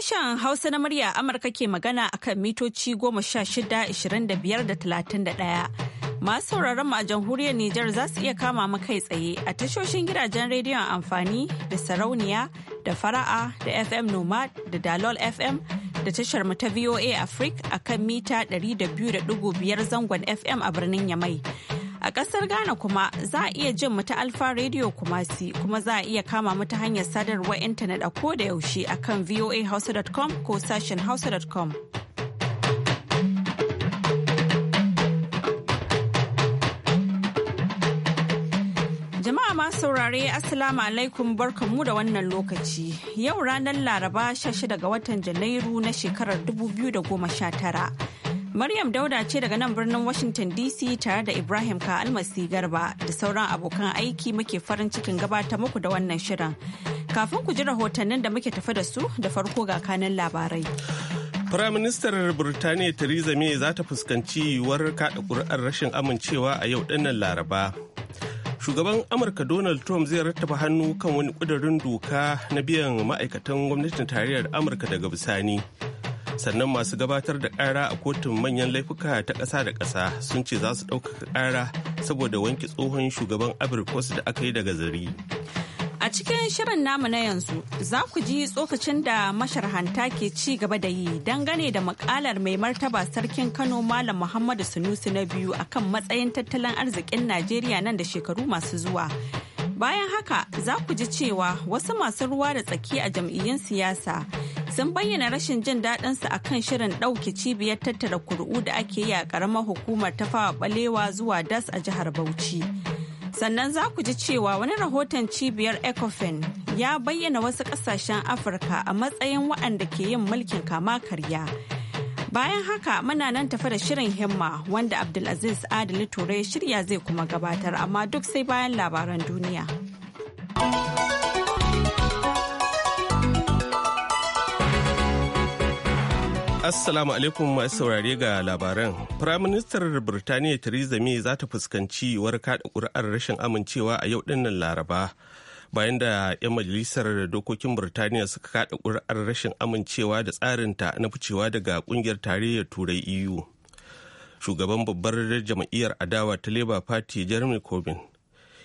Sashen Hausa na murya Amurka ke magana akan mitoci goma sha shida, ishirin da biyar da talatin da ɗaya. Masu sauraron mu a jamhuriyar Nijar za su iya kama mu kai tsaye a tashoshin gidajen rediyon amfani da sarauniya da fara'a da FM Nomad da Dalol FM da tashar mu ta VOA Africa akan mita biyar zangon FM a birnin Yamai. A ƙasar Ghana kuma za a iya jin mu Alfa Radio Kumasi kuma za a iya kama mata hanyar sadarwa intanet a ko da yaushe a kan voahouse.com ko sashen hausa.com. Jama'a ma saurare Assalamu alaikum barkanmu da wannan lokaci. Yau ranar Laraba 16 ga watan Janairu na shekarar 2019. Maryam Dauda ce daga nan birnin Washington DC tare da Ibrahim Ka Almasi Garba da sauran abokan aiki muke farin cikin gabata muku da wannan shirin. Kafin ku ji rahotannin da muke tafi da su da farko ga kanan labarai. Firaministar Birtaniya Theresa May za ta fuskanci yiwuwar kaɗa ƙuri'ar rashin amincewa a yau ɗinnan Laraba. Shugaban Amurka Donald Trump zai rattaba hannu kan wani ƙudurin doka na biyan ma'aikatan gwamnatin tarayyar Amurka daga bisani. sannan masu gabatar da ƙara a kotun manyan laifuka ta ƙasa da ƙasa sun ce za su ɗaukaka kara saboda wanke tsohon shugaban abirkos da aka yi daga zari a cikin shirin namu na yanzu za ku ji tsokacin da masharhanta ke ci gaba da yi dangane da makalar mai martaba sarkin kano malam muhammadu sunusi na biyu akan matsayin tattalin arzikin najeriya nan da shekaru masu zuwa Bayan haka za ku ji cewa wasu masu ruwa da tsaki a jam'iyyun siyasa sun bayyana rashin jin daɗinsu a kan shirin ɗauke cibiyar tattara kuri'u da ake yi a ƙaramar hukumar ta fawa ɓalewa zuwa das a jihar Bauchi. Sannan za ku ji cewa wani rahoton cibiyar Ecofin ya bayyana wasu ƙasashen Afirka a matsayin waɗanda ke yin mulkin kama karya. Bayan haka muna nan tafi da shirin himma wanda Abdulaziz Adili Ture shirya zai kuma gabatar amma duk sai bayan labaran duniya. Assalamu alaikum masu saurare ga labaran. Firaministar Birtaniya Theresa May za ta fuskanci warka da ƙuri'ar rashin amincewa a yau dinnan Laraba. bayan da 'yan majalisar dokokin Burtaniya suka kada ƙuri'ar rashin amincewa da tsarinta na ficewa daga ƙungiyar tarayyar Turai EU. Shugaban babbar jam'iyyar adawa ta Labour Party Jeremy Corbyn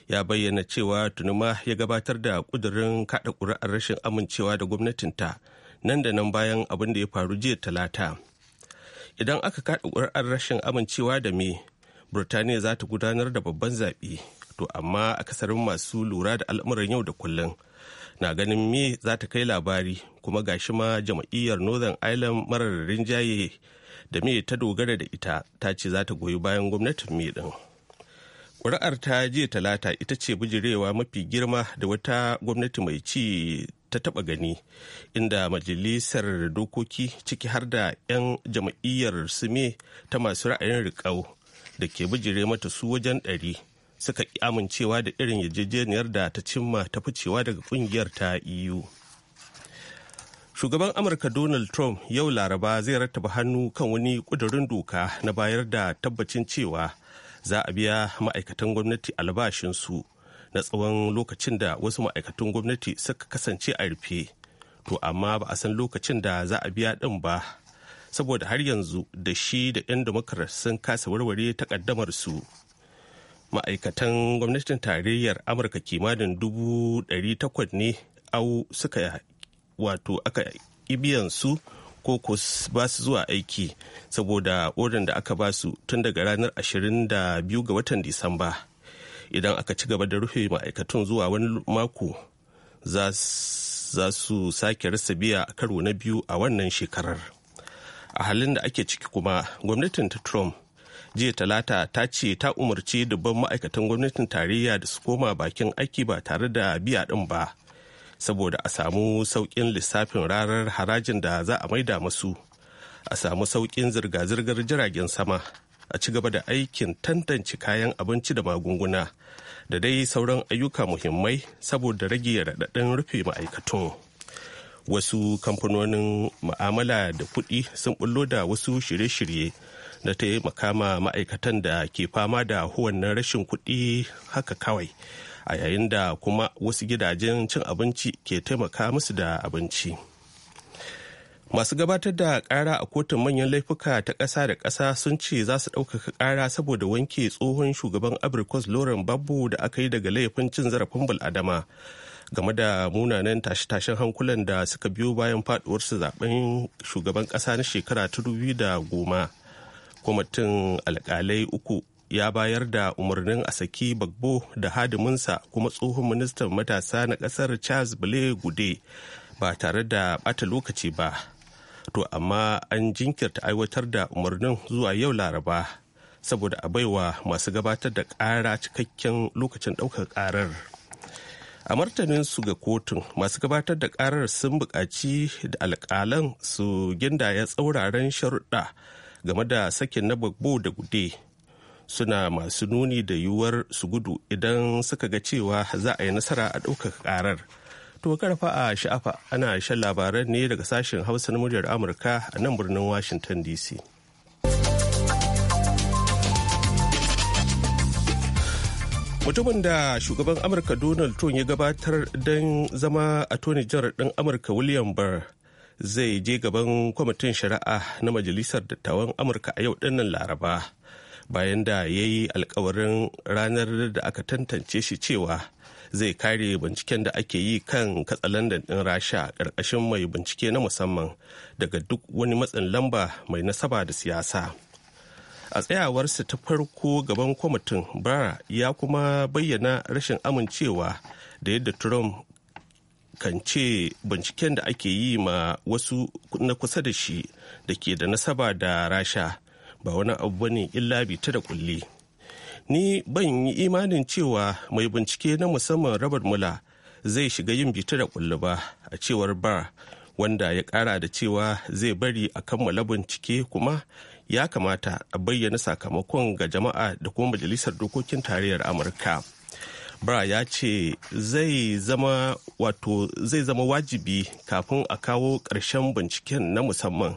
ya bayyana cewa tunuma ya gabatar da ƙudurin kada ƙuri'ar rashin amincewa da gwamnatinta nan da nan bayan abin da ya faru jiya talata. Idan aka kada ƙuri'ar rashin amincewa da me, Burtaniya za ta gudanar da babban zaɓe. to amma akasarin masu lura da al'amuran yau da kullum na ganin me za ta kai labari kuma gashi ma jama'iyyar northern ireland marar rinjaye da me ta dogara da ita ta ce za ta goyi bayan gwamnatin me din ƙuri'ar ta jiya talata ita ce bijirewa mafi girma da wata gwamnati mai ci ta taba gani inda majalisar dokoki ciki har da 'yan jama'iyyar me ta masu ra'ayin riƙau da ke bijire mata su wajen ɗari suka ki amincewa da irin yarjejeniyar da ta cimma ta ficewa daga kungiyar ta EU. Shugaban Amurka Donald Trump yau Laraba zai rattaba hannu kan wani ƙudurin doka na bayar da tabbacin cewa za a biya ma'aikatan gwamnati albashinsu na tsawon lokacin da wasu ma'aikatan gwamnati suka kasance a rufe. To amma ba a san lokacin da za a biya ɗin ba saboda har yanzu da shi da 'yan Democrats sun kasa warware takaddamar su. ma'aikatan gwamnatin tarayyar amurka kimanin dubu ɗari takwas ne au suka wato aka ibiyan su ko ko ba su zuwa aiki saboda orin da aka ba su tun daga ranar 22 ga watan disamba idan aka ci gaba da rufe ma'aikatun zuwa wani mako za su sake rasa biya a karo na biyu a wannan shekarar a halin da ake ciki kuma gwamnatin ta trump jiya talata ta ce ta umarci dubban ma'aikatan gwamnatin tarayya da su koma bakin aiki ba tare da biya din ba saboda a samu sauƙin lissafin ranar harajin da za a maida masu a samu sauƙin zirga-zirgar jiragen sama a ci gaba da aikin tantance kayan abinci da magunguna da dai sauran ayyuka muhimmai saboda rage raɗaɗin rufe ma'aikatu. wasu kamfanonin ma'amala da kuɗi sun bullo da wasu shirye-shirye na taimaka makama ma'aikatan da ke fama da huwannan rashin kuɗi haka kawai a yayin da kuma wasu gidajen cin abinci ke taimaka musu da abinci masu gabatar da kara a kotun manyan laifuka ta ƙasa da ƙasa sun ce za su ɗaukaka kara saboda wanke tsohon shugaban abrikos lauren babu da aka yi daga laifin cin zarafin adama. game da munanan tashe-tashen hankulan da suka biyo bayan su zaben shugaban kasa na shekara ta da goma kwamitin alkalai uku ya bayar da umarnin a saki bagbo da hadiminsa kuma tsohon ministan matasa na kasar charles bale gude ba tare da bata lokaci ba to amma an jinkirta aiwatar da umarnin zuwa yau laraba saboda a baiwa masu gabatar da ƙara cikakken lokacin ɗaukar ƙarar a martanin su ga kotun masu gabatar da karar sun buƙaci da alƙalan su gindaya tsauraran sharuɗa game da sakin na gbagbo da gude suna masu nuni da yiwuwar su gudu idan suka ga cewa za a yi nasara a ɗaukaka karar to karfa a sha'afa ana shan labaran ne daga sashen hausa na muryar amurka a nan birnin washington dc mutumin da shugaban amurka donald trump ya gabatar don zama tony general ɗan amurka william Burr zai je gaban kwamitin shari'a na majalisar dattawan amurka a yau dinnan laraba bayan da ya yi alkawarin ranar da aka tantance shi cewa zai kare binciken da ake yi kan katsalandan ɗin rasha ƙarƙashin mai bincike na musamman daga duk wani matsin lamba mai nasaba da siyasa. a tsayawarsa ta farko gaban kwamitin bara ya kuma bayyana rashin amincewa da yadda trump kan ce binciken da ake yi ma wasu na kusa da shi da ke da nasaba da rasha ba wani abu bane illa ta da kulli ni ban yi imanin cewa mai bincike na musamman rabar mula zai shiga yin bita da kulli ba a cewar bar wanda ya kara da cewa zai bari a kammala bincike kuma ya kamata a bayyana sakamakon ga jama'a da kuma majalisar dokokin tarayyar amurka bra ya ce zai zama wato zai zama wajibi kafin a kawo ƙarshen binciken na musamman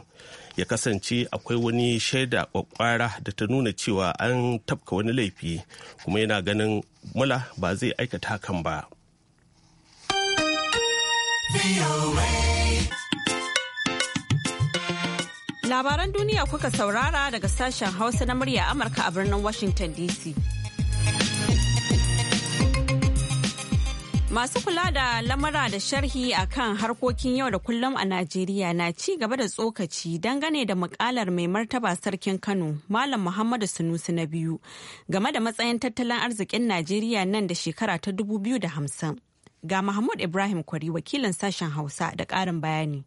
ya kasance akwai wani shaida kwakwara da ta nuna cewa an tafka wani laifi kuma yana ganin mula ba zai aikata hakan ba. Labaran duniya kuka saurara daga sashen Hausa na murya Amurka a birnin Washington DC. Masu kula da lamura da sharhi a kan harkokin yau da kullum a Najeriya na ci gaba da tsokaci dangane da mukalar mai martaba sarkin Kano, Malam Muhammadu Sunusi na biyu, game da matsayin tattalin arzikin Najeriya nan da shekara ta 2050. Ga Mahmud Ibrahim Kwari wakilin sashen Hausa da ƙarin bayani.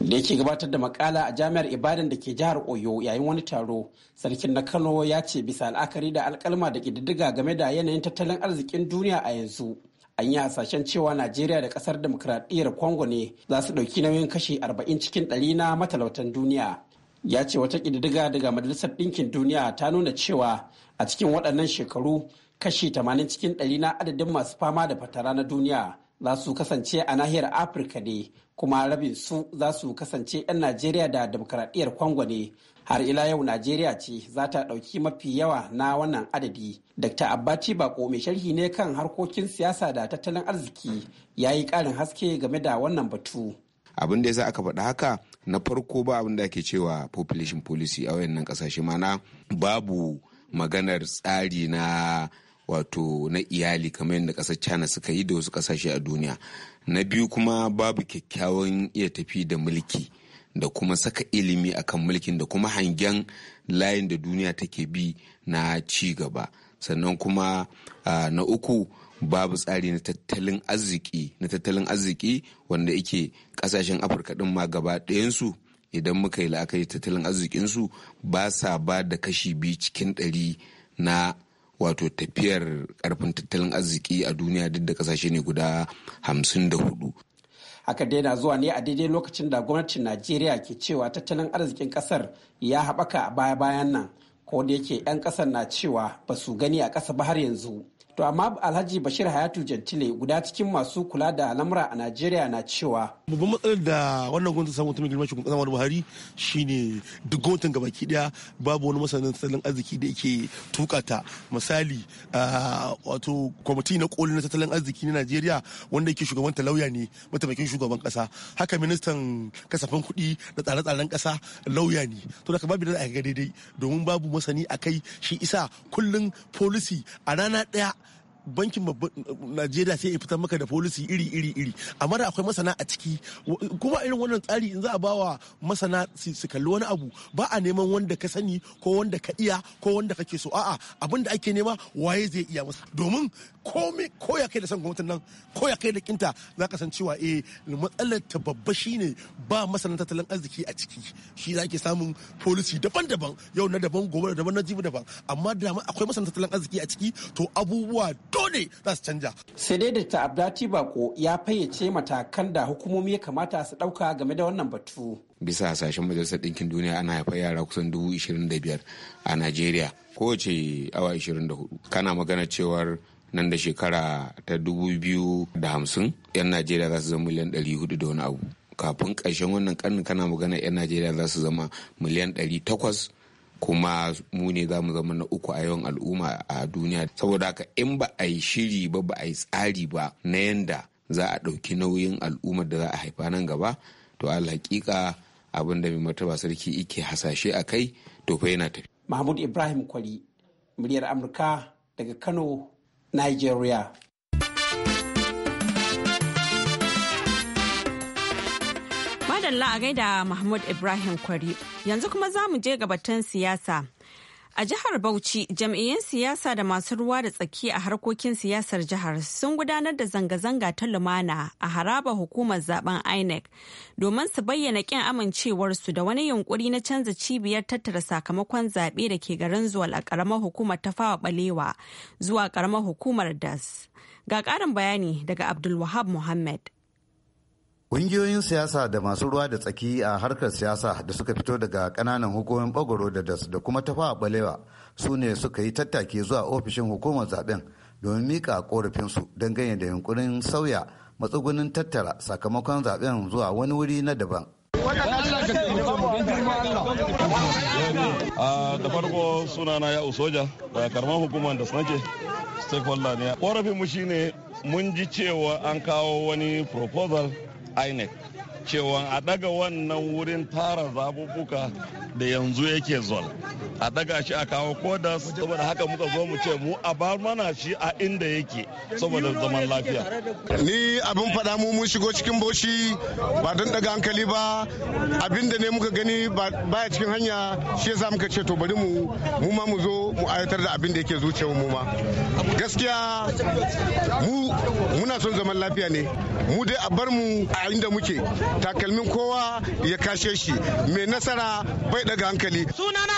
da yake gabatar da makala a jami'ar ibadan da ke jihar oyo yayin wani taro sarkin na kano ya ce bisa al'akari da alkalma da ƙididdiga game da yanayin tattalin arzikin duniya a yanzu an yi hasashen cewa najeriya da ƙasar demokuraɗiyyar congo ne za su ɗauki nauyin kashi 40 cikin ɗari na matalautan duniya ya ce wata ƙididdiga daga majalisar ɗinkin duniya ta nuna cewa a cikin waɗannan shekaru kashi 80 cikin ɗari na adadin masu fama da fatara na duniya za su kasance a nahiyar afirka ne kuma rabin su za su kasance 'yan najeriya da demokaradiyyar kwango ne har ila yau najeriya ce za ta ɗauki mafi yawa na wannan adadi dr abbati bako mai sharhi ne kan harkokin siyasa da tattalin arziki ya yi ƙarin haske game da wannan batu abin da ya sa aka faɗa haka na farko ba abin da ake cewa population policy a wayannan ƙasashe mana babu maganar tsari na wato na iyali kamar yadda ƙasar china suka yi da wasu kasashe a duniya na biyu kuma babu kyakkyawan iya tafi da mulki da kuma saka ilimi akan mulkin da kuma hangen layin da duniya take bi na ci gaba sannan kuma na uku babu tsari na tattalin arziki na tattalin arziki wanda yake kasashen afirka din ma gaba ɗayansu idan muka yi la'akari tattalin arzikinsu ba sa ba da kashi biyu cikin ɗari na wato tafiyar karfin tattalin arziki a duniya duk da kasashe ne guda hamsin da hudu haka dai na zuwa ne a daidai lokacin da gwamnatin najeriya ke cewa tattalin arzikin kasar ya haɓaka a baya-bayan nan ko da yake 'yan kasar na cewa ba su gani a ƙasa ba har yanzu To amma Alhaji Bashir Hayatu Jantile guda cikin masu kula da lamura a Najeriya na cewa. Babban matsalar da wannan gwamnati samu mutumin girma shi kuma Buhari shine duk gwamnatin gabaki daya babu wani masanin tattalin arziki da yake tukata misali wato kwamiti na koli na tattalin arziki na Najeriya wanda yake shugaban talauya ne mataimakin shugaban kasa haka ministan kasafin kuɗi da tsare-tsaren kasa lauya ne to da babu da aka ga daidai domin babu masani kai shi isa kullum policy a rana daya bankin najeriya sai ya fitar maka da policy iri iri iri amma da akwai masana a ciki kuma irin wannan tsari in za a bawa masana su kalli wani abu ba a neman wanda ka sani ko wanda ka iya ko wanda kake so a'a abin da ake nema waye zai iya masa domin komai ko ya kai da san gwamnatin nan ko ya kai da kinta za ka san cewa e, matsalar ta babba shine ba masana tattalin arziki a ciki shi za ke samun policy daban-daban yau na daban gobe daban na jibi daban amma da akwai masana tattalin arziki a ciki to abubuwa dole za su canja. sai dai da abdati bako ya fayyace matakan da hukumomi ya kamata su ɗauka game da wannan batu. bisa hasashen majalisar ɗinkin duniya ana haifar yara kusan dubu ishirin da biyar a najeriya kowace awa ishirin da hudu kana magana cewar nan da shekara ta dubu biyu da hamsin yan najeriya za su zama miliyan ɗari hudu da wani abu kafin ƙarshen wannan ƙarni kana magana yan najeriya za su zama miliyan ɗari takwas kuma mu ne za mu zama na uku a yawan al'umma a duniya saboda haka in ba a yi shiri ba ba a yi tsari ba na yanda za a ɗauki nauyin al'ummar da za a haifa nan gaba to a hakika abin da mai martaba sarki ike hasashe a kai to fa yana tafi. mahmud ibrahim kwari muryar amurka daga kano nigeria. madalla a gaida Mahmud Ibrahim Kwari. Yanzu kuma za mu je gabatan siyasa. A jihar Bauchi, jam'iyyun siyasa da masu ruwa da tsaki a harkokin siyasar jihar sun gudanar da zanga-zanga ta lumana a haraba hukumar zaben INEC domin su bayyana kin amincewarsu da wani yunkuri na canza cibiyar tattara sakamakon zaɓe da ke garin zuwa a ƙaramar hukumar ta fawa Ɓalewa zuwa ƙaramar hukumar DAS. Ga ƙarin bayani daga Abdulwahab Muhammad. Ƙungiyoyin siyasa da masu ruwa da tsaki a harkar siyasa da suka fito daga ƙananan hukumomin bagoro da das da kuma tafa balewa su ne suka yi tattaki zuwa ofishin hukumar zaben domin mika korafinsu don ganye da yunkurin sauya matsugunin tattara sakamakon zaben zuwa wani wuri na daban. da farko sunana ya usoja da karman hukumar da sanake stakeholder ne ya. shine mun ji cewa an kawo wani proposal inec cewa a daga wannan wurin tara zabubuka da yanzu yake zol a daga shi a kawo kodas saboda haka muka zo mu ce mu a bar mana shi a inda yake saboda zaman lafiya ni abin faɗa mu mun shigo cikin boshi ba don daga hankali ba abin da ne muka gani baya cikin hanya shi yasa muka ce to bari mu mu ma mu zo mu ayatar da abin da yake zuciyar mu ma gaskiya mu muna son zaman lafiya ne mu dai a bar mu a inda muke takalmin kowa ya kashe shi mai nasara bai daga hankali sunana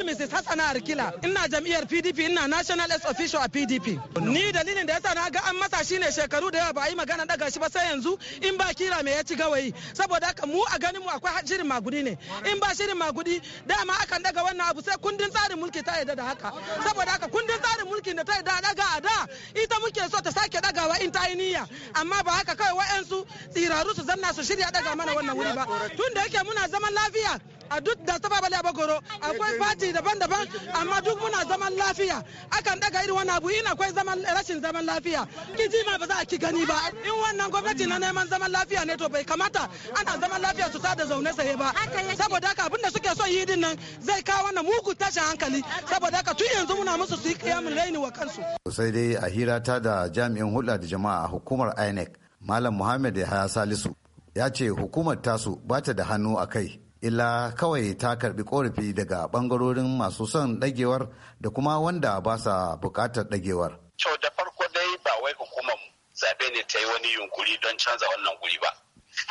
honorable mrs arkila ina jam'iyyar pdp ina national s official a pdp ni dalilin da yasa na ga an masa ne shekaru da yawa ba a yi magana daga shi ba sai yanzu in ba kira mai ya ci gawayi saboda haka mu a ganin mu akwai shirin magudi ne in ba shirin magudi dama akan daga wannan abu sai kundin tsarin mulki ta yadda da haka saboda haka kundin tsarin mulkin da ta yarda daga a da ita muke so ta sake dagawa in ta yi niyya amma ba haka kawai wa'yansu tsiraru su zanna su shirya daga mana wannan wuri ba tun da yake muna zaman lafiya a duk da ta babale a bagoro akwai fati iri daban-daban amma duk muna zaman lafiya akan daga irin wani abu in akwai zaman rashin zaman lafiya kiji ma ba za a ki gani ba in wannan gwamnati na neman zaman lafiya ne to bai kamata ana zaman lafiya su sada zaune saye ba saboda haka abin da suke so yi din nan zai kawo wannan mugu tashin hankali saboda haka tun yanzu muna musu su yi kiyamun raini wa kansu sai dai a hira ta da jami'in hulɗa da jama'a a hukumar INEC Malam ya Yahaya Salisu ya ce hukumar tasu ba ta da hannu a kai illa kawai ta karbi korafi daga bangarorin masu son dagewar da kuma wanda ba sa bukatar dagewar. kyau da farko dai ba wai hukumar zaɓe ne ta yi wani yunkuri don canza wannan guri ba.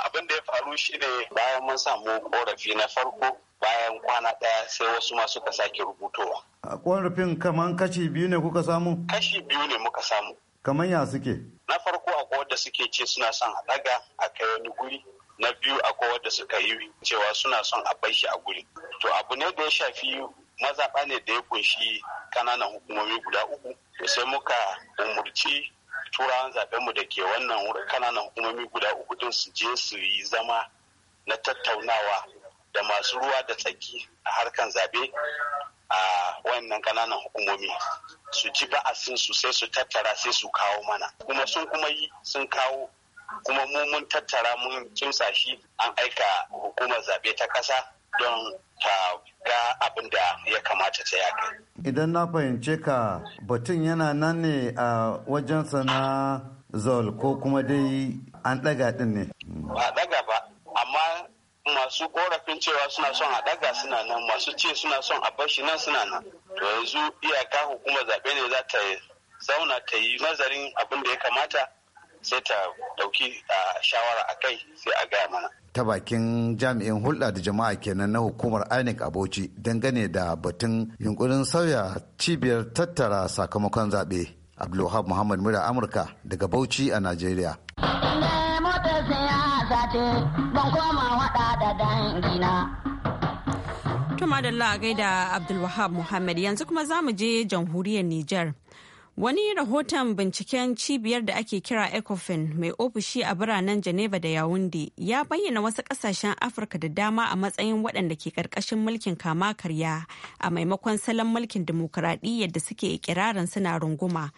Abin da ya faru shi ne bayan mun samu korafi na farko bayan kwana ɗaya sai wasu ma suka sake rubutowa. A korafin kaman kashi biyu ne kuka samu? Kashi biyu ne muka samu. Kaman ya suke? Na farko akwai wadda suke ce suna son a ɗaga a kai wani guri. na biyu akwai wadda suka yi cewa suna son a bai shi a guri to abu ne da ya shafi mazaɓa ne da ya kunshi ƙananan hukumomi guda uku sai muka umurci turawan mu da ke wannan ƙananan hukumomi guda uku din su je su yi zama na tattaunawa da masu ruwa da tsaki a harkan zaɓe a wannan ƙananan hukumomi su ji ba'asin su sai su tattara sai su kawo mana kuma sun kuma yi sun kawo kuma mu mun tattara mun kimsa shi an aika hukumar zaɓe ta ƙasa don ta ga abin da ya kamata ta yaƙi. Idan na fahimce ka batun yana nan ne a wajensa na zol ko kuma dai an ɗaga ɗin ne. Ba ɗaga ba, amma masu korafin cewa suna son a ɗaga suna nan masu ce suna son a bashi nan suna nan. To yanzu iyaka hukumar zaɓe ne za ta zauna ta yi nazarin abin da ya kamata sai ta dauki shawara a kai sai a gaya mana ta bakin jami'in hulɗa da jama'a kenan na hukumar inec a bauchi dangane da batun yunkurin sauya cibiyar tattara sakamakon zaɓe abdulwahab muhammad mura amurka daga bauchi a najeriya Tuma da a gaida Abdulwahab Muhammad yanzu kuma za mu je jamhuriyar Nijar. Wani rahoton binciken cibiyar da ake kira ECOFIN mai ofishi a biranen Geneva da yawundi ya bayyana wasu ƙasashen Afirka da dama a matsayin waɗanda ke ƙarƙashin mulkin kama karya a maimakon salon mulkin dimokuraɗiyyar da suke ikirarin suna runguma.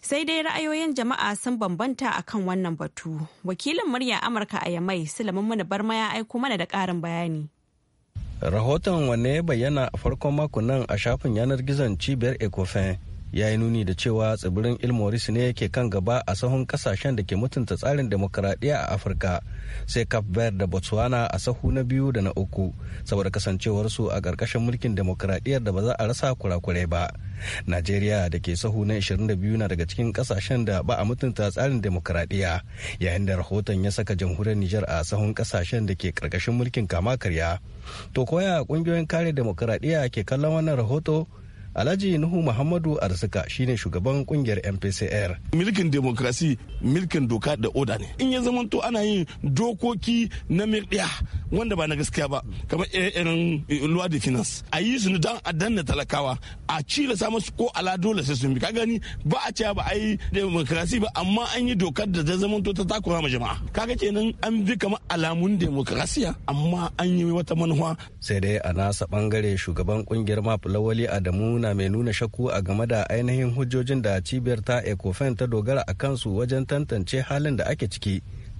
Sai dai ra'ayoyin jama'a sun bambanta a kan wannan batu. Wakilin murya Amurka a Yamai, Sulaiman Mana Barma ya aiko mana da ƙarin bayani. Rahoton wanne ya bayyana a farkon makon a shafin yanar gizon cibiyar ECOFIN ya yi nuni da cewa tsibirin ilmoris ne ke kan gaba a sahun kasashen da ke mutunta tsarin demokuraɗiyya a afirka sai cape verde da botswana a sahu na biyu da na uku saboda kasancewarsu a ƙarƙashin mulkin demokuraɗiyyar da ba za a rasa kurakurai ba najeriya da ke sahu na 22 na daga cikin kasashen da ba a mutunta tsarin demokuraɗiyya yayin da rahoton ya saka jamhuriyar nijar a sahun kasashen da ke ƙarƙashin mulkin kama karya to koya ƙungiyoyin kare demokuraɗiyya ke kallon wannan rahoto Alhaji Nuhu Muhammadu Arzika shine shugaban kungiyar MPCR. Milkin demokrasi milkin doka da oda ne. In ya zama to ana yin dokoki na mirɗiya wanda ba na gaskiya ba kamar irin eh, luwa da finance. A yi su don a danna talakawa a cire sa musu ko ala dole sai sun bi ka gani ba a cewa ba a yi demokrasi ba amma an yi dokar da ta zama to ta takura ma jama'a. Kaga kenan an bi kamar alamun demokrasiya amma an yi wata manuwa. Sai dai a nasa bangare shugaban kungiyar Mafulawali Adamu ana mai nuna shakku a game da ainihin hujjojin da cibiyar ta ecofen ta dogara a kansu wajen tantance halin da ake ciki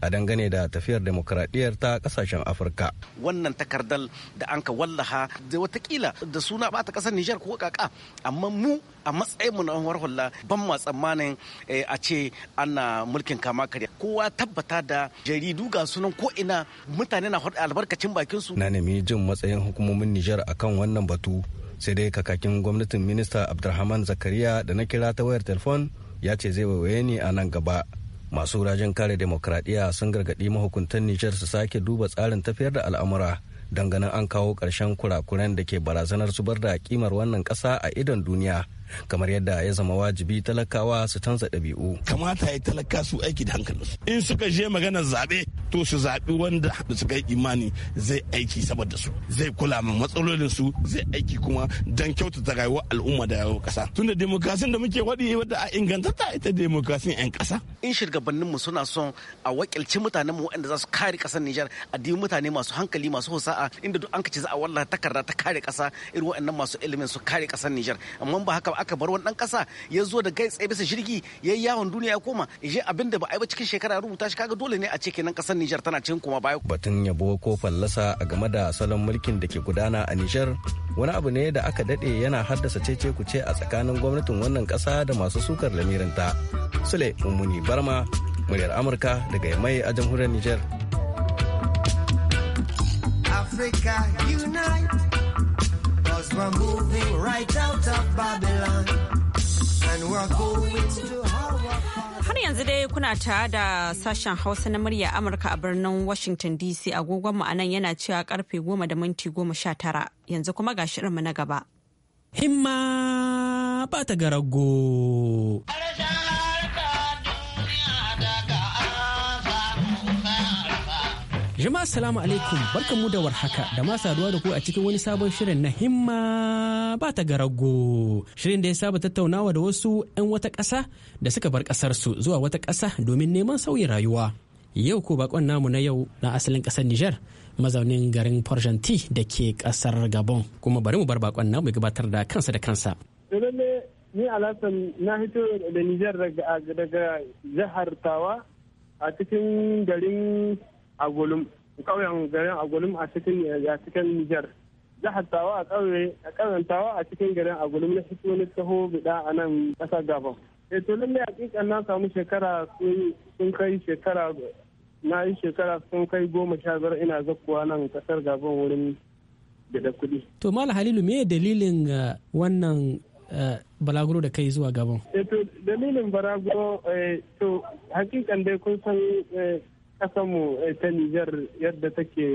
a dangane da tafiyar demokradiyyar ta kasashen afirka wannan takardar da an ka wallaha da watakila da suna bata kasar nijar ko kaka amma mu a matsayinmu na wahar hula ban ma tsammanin eh, a ce ana mulkin kama karya kowa tabbata da jaridu ga sunan ko ina mutane na albarkacin bakinsu na nemi jin matsayin hukumomin nijar akan wannan batu sai dai kakakin gwamnatin minista abdulrahman zakariya da na kira ta wayar telefon ya ce zai waiwaye ni a nan gaba masu rajin kare demokradiyya sun gargadi mahukuntan nijar su sake duba tsarin tafiyar da al'amura dangane an kawo ƙarshen kurakuren da ke barazanar zubar da kimar wannan ƙasa a idon duniya kamar yadda ya zama wajibi talakawa su canza ɗabi'u. Kamata ya talaka su aiki da hankalinsu. In suka je magana zaɓe to su zaɓi wanda da suka yi imani zai aiki saboda su zai kula min matsalolin su zai aiki kuma dan kyautata rayuwar al'umma da rayuwar ƙasa. Tunda demokrasin da muke waɗi wadda a ta ita demokrasin 'yan kasa. In shugabannin mu suna son a wakilci mutanenmu waɗanda za su kare ƙasar Nijar a dimi mutane masu hankali masu hosa'a inda duk an kace za a wallata takarda ta kare ƙasa irin waɗannan masu ilimin su kare ƙasar Nijar amma ba haka aka bar wani dan kasa ya zo da kai bisa jirgi ya yi yawon duniya ya koma je abin da ba a yi ba cikin shekara rubuta shi kaga dole ne a ce kenan kasar Nijar tana cikin kuma baya batun yabo ko fallasa a game da salon mulkin da ke gudana a Nijar wani abu ne da aka dade yana haddasa cece kuce a tsakanin gwamnatin wannan kasa da masu sukar lamirinta Sule Mummuni Barma muryar Amurka daga mai a jamhuriyar Nijar Africa unite we're moving right out of Babylon. And we're going to Har yanzu dai kuna tare da sashen Hausa na murya Amurka a birnin Washington DC agogonmu a nan yana cewa karfe goma da minti goma sha tara yanzu kuma ga shirinmu na gaba. Himma ba ta garago. Jama'a salamu alaikum barkanmu da warhaka da ma saduwa da ku a cikin wani sabon shirin na himma ba ta garago. Shirin da ya saba tattaunawa da wasu 'yan wata ƙasa da suka bar ƙasar su zuwa wata ƙasa domin neman sauyin rayuwa. Yau ko bakon namu na yau na asalin ƙasar Nijar mazaunin garin Porjanti da ke ƙasar Gabon. Kuma bari mu bar bakon namu gabatar da kansa da kansa. ni alasan na hito da Nijar daga jihar Tawa a cikin garin agolum ƙauyen garin agolum a cikin a cikin Nijar jihar Tawa a ƙauye a ƙauyen Tawa a cikin garin agolum na fito wani taho bida a nan ƙasar Gabon eh to lalle hakika na samu shekara sun kai shekara na yi shekara sun kai goma sha biyar ina zakkuwa nan ƙasar Gabon wurin da kuɗi. To mal Halilu me dalilin uh, wannan uh, balaguro da kai zuwa Gabon? Eh, to dalilin balaguro eh, to hakikan dai kun san eh, kasanmu eh, ta Nijar yadda take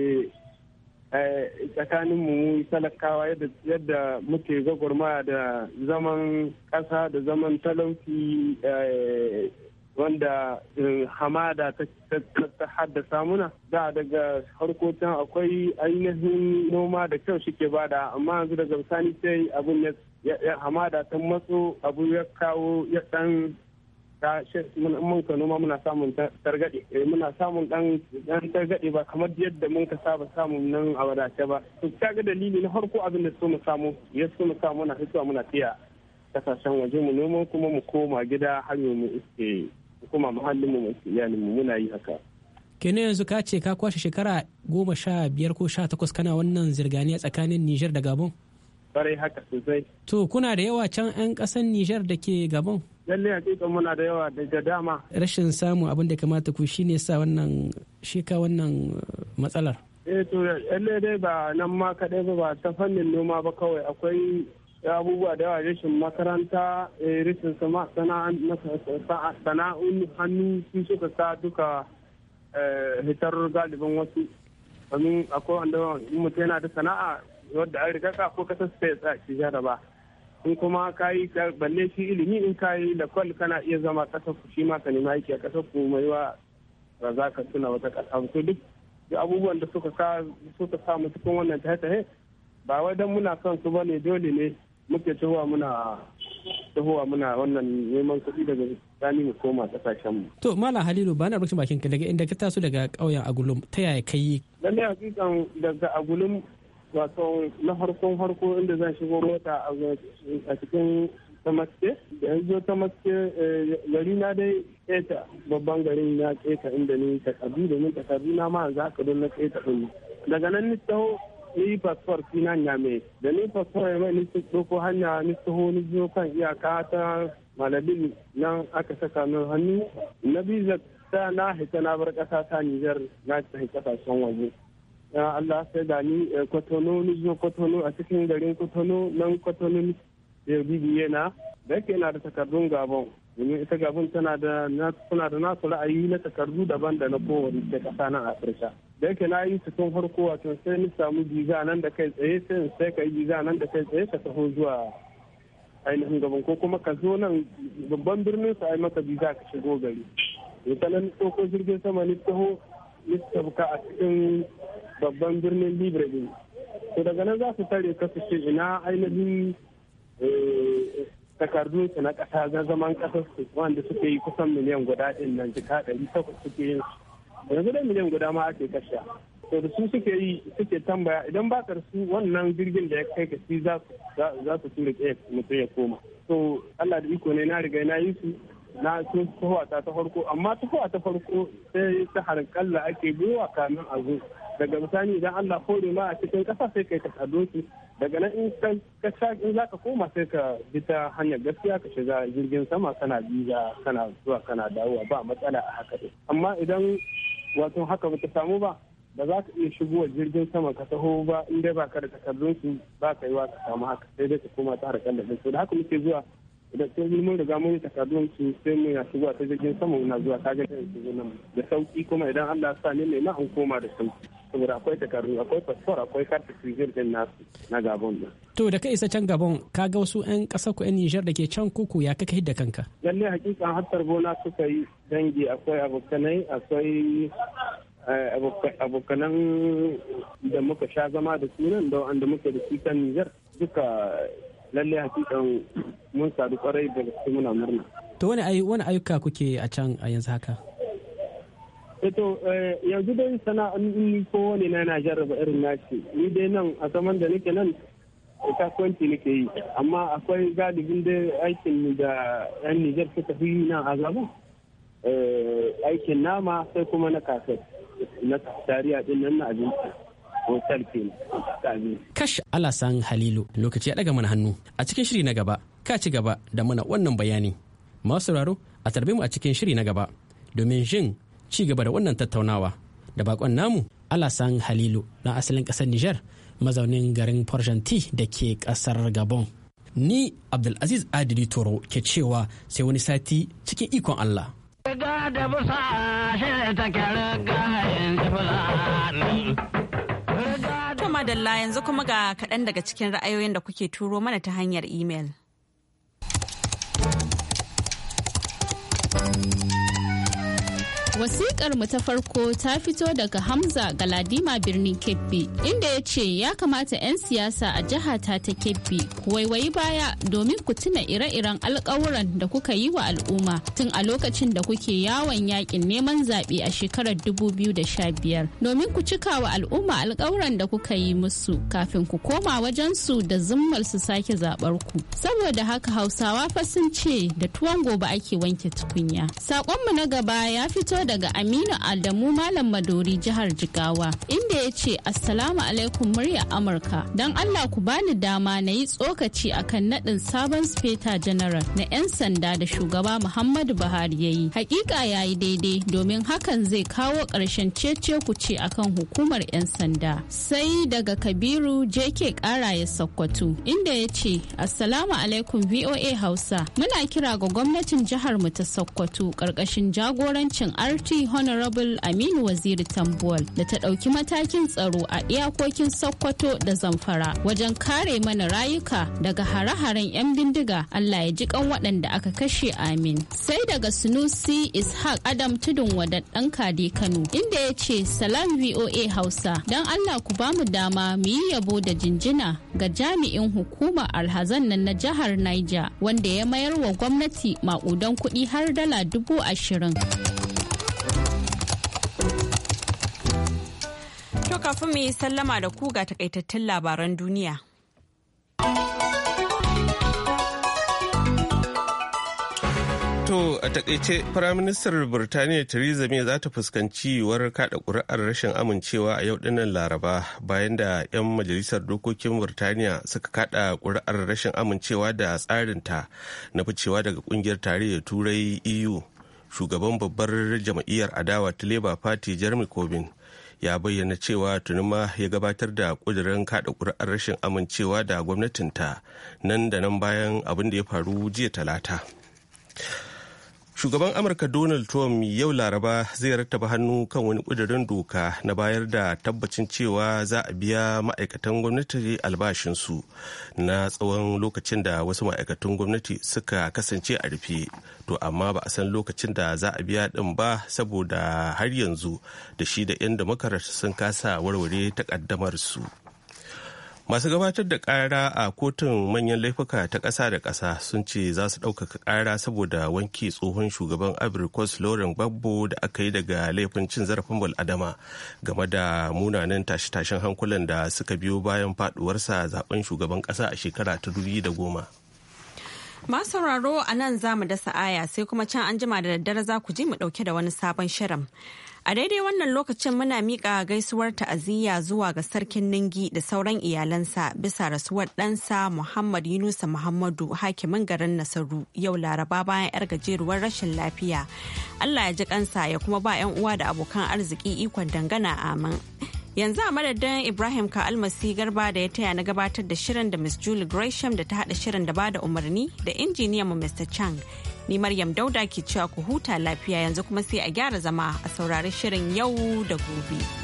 eh, tsakaninmu mu talakawa yadda muke gwagwarmaya da zaman ƙasa da zaman talauci eh, wanda hamada ta haddasa muna da daga harkokin akwai ainihin noma da kyau shike bada amma yanzu daga bisani sai abin ya hamada ta matso abu ya kawo ya dan mun ka noma muna samun targaɗe eh, muna samun ɗan targaɗe ba kamar yadda mun ka saba samun nan a wadace ba to ga dalili na farko abin da su mu samu ya su mu samu muna fitowa muna fiya kasashen waje mu noma kuma mu koma gida har mu iske kuma muhallin mu mu iyalin mu muna yi haka kene yanzu ka ce ka kwashe shekara goma sha biyar ko sha takwas kana wannan zirganiya tsakanin niger da Gabon? Kwarai haka sosai. To kuna da yawa can 'yan kasan Nijar da ke Gabon? lallai hakika muna da yawa da dama rashin samu abin da kamata ku shine sa wannan shika wannan uh, matsalar eh to lallai dai ba nan ma kadai ba ba ta fannin noma ba kawai akwai abubuwa da yawa rashin makaranta eh, rashin sana'un hannu sun suka sa duka eh, hitar galibin wasu domin akwai wanda mutum yana da sana'a wadda an riga ka ko kasa sai ya tsaya shi jaraba in kuma ka yi balle shi ilimi in ka yi lakwal kana iya zama kasar ku shi ma ka nema aiki a kasar ku mai wa ba za ka tuna wata kasa to duk abubuwan da suka sa suka sa mu cikin wannan tahe ta ba wai dan muna son su bane dole ne muke cewa muna muna wannan neman kuɗi daga tsani mu koma kasashen mu. To Malam Halilu ba na rufe bakin ka daga inda ka taso daga ƙauyen Agulum ta yaya ka yi? a hakikan daga Agulum wato na harkon harko inda zan shigo mota a cikin tamaske yanzu tamaske eh, gari na dai keta babban garin na keta inda ni takardu domin takardu na ma za ka don na keta din daga nan ni taho ni yi fasfor na nya mai da ni fasfor ya mai ni doko hanya ni taho ni zo kan iyaka ta malabin nan aka saka min hannu na biza ta na hita na bar kasa ta nijar na ta hita kasashen waje Allah sai da ni eh, kwatano ni zo kwatano a cikin garin kwatano nan kwatano da bibiye na da yake yana da takardun gabon domin ita gabon tana da suna da nasu ra'ayi na takardu daban da na kowane ta kasa nan afirka da yake na yi su tun farko wato sai ni samu biza nan da kai tsaye sai sai ka yi biza nan da kai tsaye ka taho zuwa ainihin gabon ko kuma ka zo nan babban birnin su ai maka biza ka shigo gari to sanan ko jirgin sama ni taho ni tabka a cikin babban birnin ne to daga nan za su tare ka ce ina ainihin eh, su na kasa ga zaman kasar su wanda suke yi kusan miliyan guda ɗin nan jika ɗari takwas suke yin su yanzu da miliyan guda ma ake kashe to da su suke yi suke tambaya idan ba ka su wannan jirgin da ya kai ka shi za su tura mutum ya koma to Allah da iko ne na riga na yi su na sun tuhuwa ta farko amma tuhuwa ta farko sai ta harƙalla ake gwiwa kamin a zo daga misali idan Allah kore ma a cikin ƙasa sai kai takardun su daga nan in ka in za ka koma sai ka bi ta hanyar gaskiya ka shiga jirgin sama kana biza kana zuwa kana dawowa ba matsala a haka ne amma idan wato haka ba ta samu ba ba za ka iya shigowa jirgin sama ka taho ba in dai ba ka da takardun ba ka yi wa ka samu haka sai dai ka koma ta harkar da su da haka muke zuwa da sai mun riga mun takardun su sai mun ya shigowa ta jirgin sama muna zuwa ta ga da sauki kuma idan Allah ya sa ne mai na an koma da sauki saboda akwai takardu akwai fasfor akwai kartar sijir din nasu na gabon din to da ka isa can gabon ka ga wasu yan kasar ku yan nijar da ke can kuku ya kaka hidda kanka lalle hakika hattar gona suka yi dangi akwai abokanai akwai eh, abokanan da muka sha zama da su nan da muke da su kan nijar duka lalle hakika mun sadu kwarai da su muna murna to wani ayyuka kuke a can a yanzu haka Eto eh, eh, yanzu dai ni ko wani na na jarraba irin nashi ni dai nan a saman da nake nan kasuwanci nake yi amma akwai galibin da aikin da yan Nijar suka fi nan a gaba eh, aikin nama sai kuma na kasar na tariya din nan na abinci. hotel Kash Alasan Halilu lokaci ya daga mana hannu a cikin shiri na gaba ka ci gaba da mana wannan bayani. Masu sauraro a tarbe mu a cikin shiri na gaba domin jin ci gaba da wannan tattaunawa da bakon namu alasan halilu na asalin kasar Nijar? mazaunin garin porjanti da ke kasar gabon ni abdulaziz adili toro ke cewa sai wani sati cikin ikon allah Kuma da yanzu kuma ga kaɗan daga cikin ra'ayoyin da kuke turo mana ta hanyar imel. Wasiƙar mu ta farko ta fito daga Hamza ga ladima birnin Kebbi inda ya ce ya kamata 'yan siyasa a jihata ta ta Kebbi ku waiwayi baya domin ku tuna ire-iren alkawuran da kuka yi wa al'umma tun a lokacin da kuke yawon yakin neman zaɓe a shekarar 2015 domin ku cika wa al'umma alkawuran da kuka yi musu kafin ku koma wajen su da zummar su sake zaɓar ku. Saboda haka Hausawa fa sun ce da tuwon gobe ake wanke tukunya. Saƙonmu na gaba ya fito da. daga Aminu Adamu Malam Madori jihar Jigawa inda ya ce Assalamu alaikum murya Amurka don Allah ku bani dama na yi tsokaci akan naɗin sabon speta general na 'yan sanda da shugaba Muhammadu Buhari ya yi. Hakika ya yi daidai domin hakan zai kawo ƙarshen cece ku ce akan hukumar 'yan sanda. Sai daga Kabiru JK ƙara ya sakkwato inda ya ce Assalamu alaikum VOA Hausa muna kira ga gwamnatin jihar mu ta Sokoto ƙarƙashin jagorancin Deputy Honorable Aminu Waziri Tambuwal da ta ɗauki matakin tsaro a iyakokin Sokoto da Zamfara wajen kare mana rayuka daga hare-haren 'yan bindiga Allah ya ji kan waɗanda aka kashe amin. Sai daga Sunusi Ishaq Adam Tudun Wadat Kade Kano inda ya ce salam VOA Hausa don Allah ku ba mu dama mu yi yabo da jinjina ga jami'in hukuma alhazan nan na jihar Niger wanda ya mayar wa gwamnati maƙudan kuɗi har dala dubu ashirin. kafin mu yi sallama da ku ga takaitattun labaran duniya. To a takaice Firaministar Birtaniya Theresa May za ta fuskanci yiwuwar kada kuri'ar rashin amincewa a yau dinnan Laraba bayan da 'yan majalisar dokokin Birtaniya suka kada ƙuri'ar rashin amincewa da tsarinta na ficewa daga kungiyar tarayyar Turai EU. Shugaban babbar jam'iyyar adawa ta Labour Party Jeremy Corbyn ya bayyana cewa tunuma ya gabatar da kudirin kada kuri'ar rashin amincewa da gwamnatinta nan da nan bayan abin da ya faru jiya talata Shugaban Amurka Donald Trump yau Laraba zai rattaba hannu kan wani kudirin doka na bayar da tabbacin cewa za a biya ma'aikatan gwamnati albashinsu na tsawon lokacin da wasu ma'aikatan gwamnati suka kasance a rufe. To amma ba a san lokacin da za a biya din ba saboda har yanzu da shi da 'yan da sun kasa warware takaddamar su. masu gabatar da ƙara a kotun manyan laifuka ta ƙasa da ƙasa sun ce za su ɗaukaka kara saboda wanki tsohon shugaban abirikos lauren gbagbo da aka yi daga laifin cin zarafin bal'adama game da munanan tashe-tashen hankulan da suka biyo bayan faduwarsa zaben shugaban ƙasa a shekara ta da goma. masu sauraro a nan za mu dasa aya sai kuma can an jima da daddare za ku ji mu ɗauke da wani sabon shirin A daidai wannan lokacin muna miƙa gaisuwar ta'aziyya zuwa ga sarkin Ningi da sauran iyalansa bisa rasuwar ɗansa Muhammad Yunusa Muhammadu hakimin garin Nasaru yau Laraba bayan 'yar gajeruwar rashin lafiya. Allah ya ji kansa ya kuma ba 'yan uwa da abokan arziki ikon dangana amin. Yanzu a madadin Ibrahim ka almasi garba da ya taya na gabatar da shirin da Miss Julie Gresham da ta haɗa shirin da bada umarni da injiniyan mu Mr. Chang. Ni Maryam Dauda ke cewa ku huta lafiya yanzu kuma sai a gyara zama a saurari shirin yau da gobe.